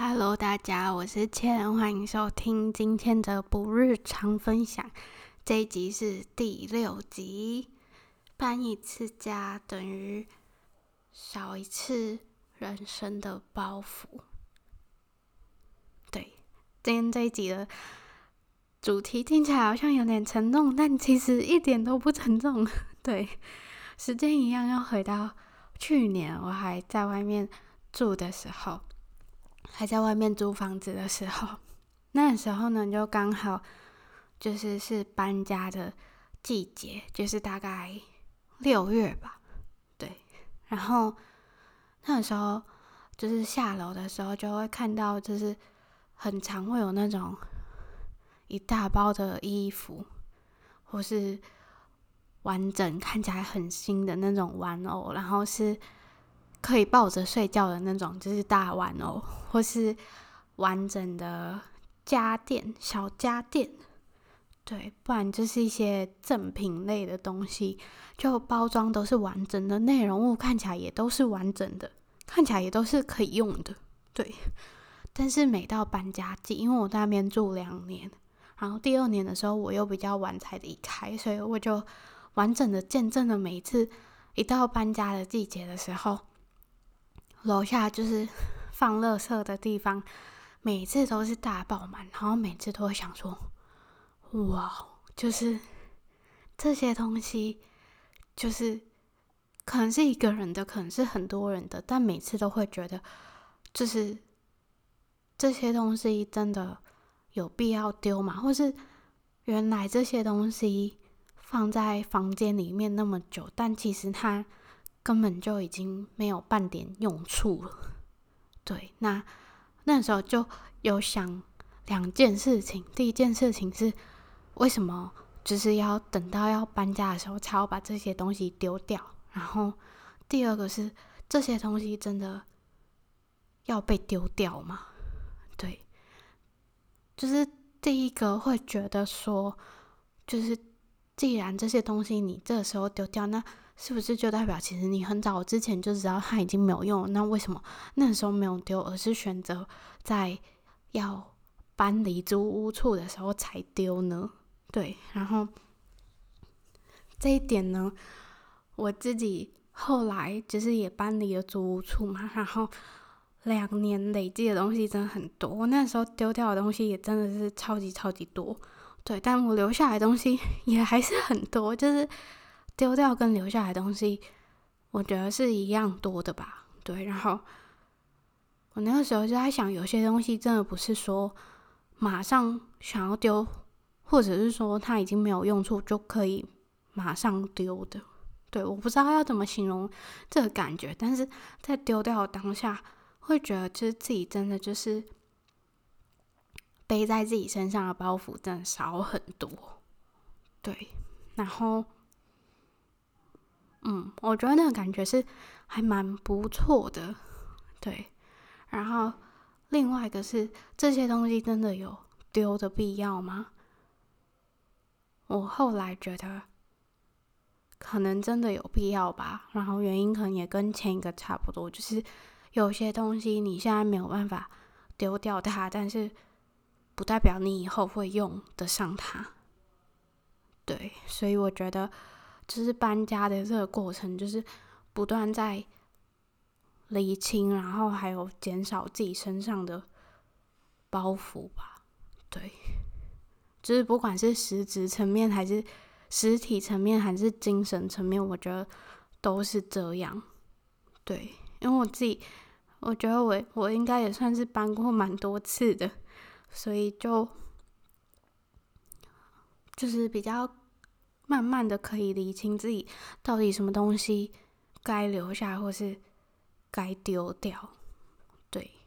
Hello，大家，我是千，歡迎收聽今天的不日常分享。這一集是第六集，搬一次家等於少一次人生的包袱。對，今天這一集的主題聽起來好像有點沉重，但其實一點都不沉重。對，時間一樣，要回到去年我還在外面住的時候。還在外面租房子的時候，那時候呢，就剛好就是是搬家的季節，就是大概六月吧，對。然後那時候就是下樓的時候就會看到，就是很常會有那種一大包的衣服，或是完整看起來很新的那種玩偶，然後是，可以抱着睡覺的那種，就是大玩偶哦，或是完整的家電、小家電，對，不然就是一些贈品類的東西，就包裝都是完整的，內容物看起來也都是完整的，看起來也都是可以用的，對。但是每到搬家季，因為我在那邊住兩年，然後第二年的時候我又比較晚才離開，所以我就完整的見證了每一次一到搬家的季節的時候。樓下就是放垃圾的地方，每次都是大爆滿，然後每次都會想說：“哇，就是這些東西，就是可能是一個人的，可能是很多人的，但每次都會覺得，就是這些東西真的有必要丟嗎？或是原來這些東西放在房間裡面那麼久，但其實它……”根本就已經沒有半點用處了。對，那那時候就有想兩件事情。第一件事情是，為什麼就是要等到要搬家的時候才要把這些東西丟掉？然後第二個是，這些東西真的要被丟掉嗎？對，就是第一個會覺得說，就是。既然這些東西你這時候丟掉，那是不是就代表其實你很早之前就知道它已經沒有用？那為什麼那時候沒有丟，而是選擇在要搬離租屋處的時候才丟呢？對，然後這一點呢，我自己後來就是也搬離了租屋處嘛，然後兩年累積的東西真的很多，我那時候丟掉的東西也真的是超級超級多。對，但我留下來的東西也還是很多，就是丟掉跟留下來的東西，我覺得是一樣多的吧。對，然後我那個時候就在想，有些東西真的不是說馬上想要丟，或者是說它已經沒有用處就可以馬上丟的。對，我不知道要怎麼形容這個感覺，但是在丟掉當下會覺得，就是自己真的就是。背在自己身上的包袱真的少很多，對。然後，嗯，我覺得那個感覺是還蠻不錯的，對。然後，另外一個是這些東西真的有丟的必要嗎？我後來覺得，可能真的有必要吧。然後原因可能也跟前一個差不多，就是有些東西你現在沒有辦法丟掉它，但是。不代表你以後會用得上它，對，所以我覺得就是搬家的這個過程，就是不斷在釐清，然後還有減少自己身上的包袱吧。對，就是不管是實質層面，還是實體層面，還是精神層面，我覺得都是這樣。對，因為我自己，我覺得我我應該也算是搬過蠻多次的。所以就，就是比較慢慢的，可以理清自己到底什麼東西該留下，或是該丟掉，對。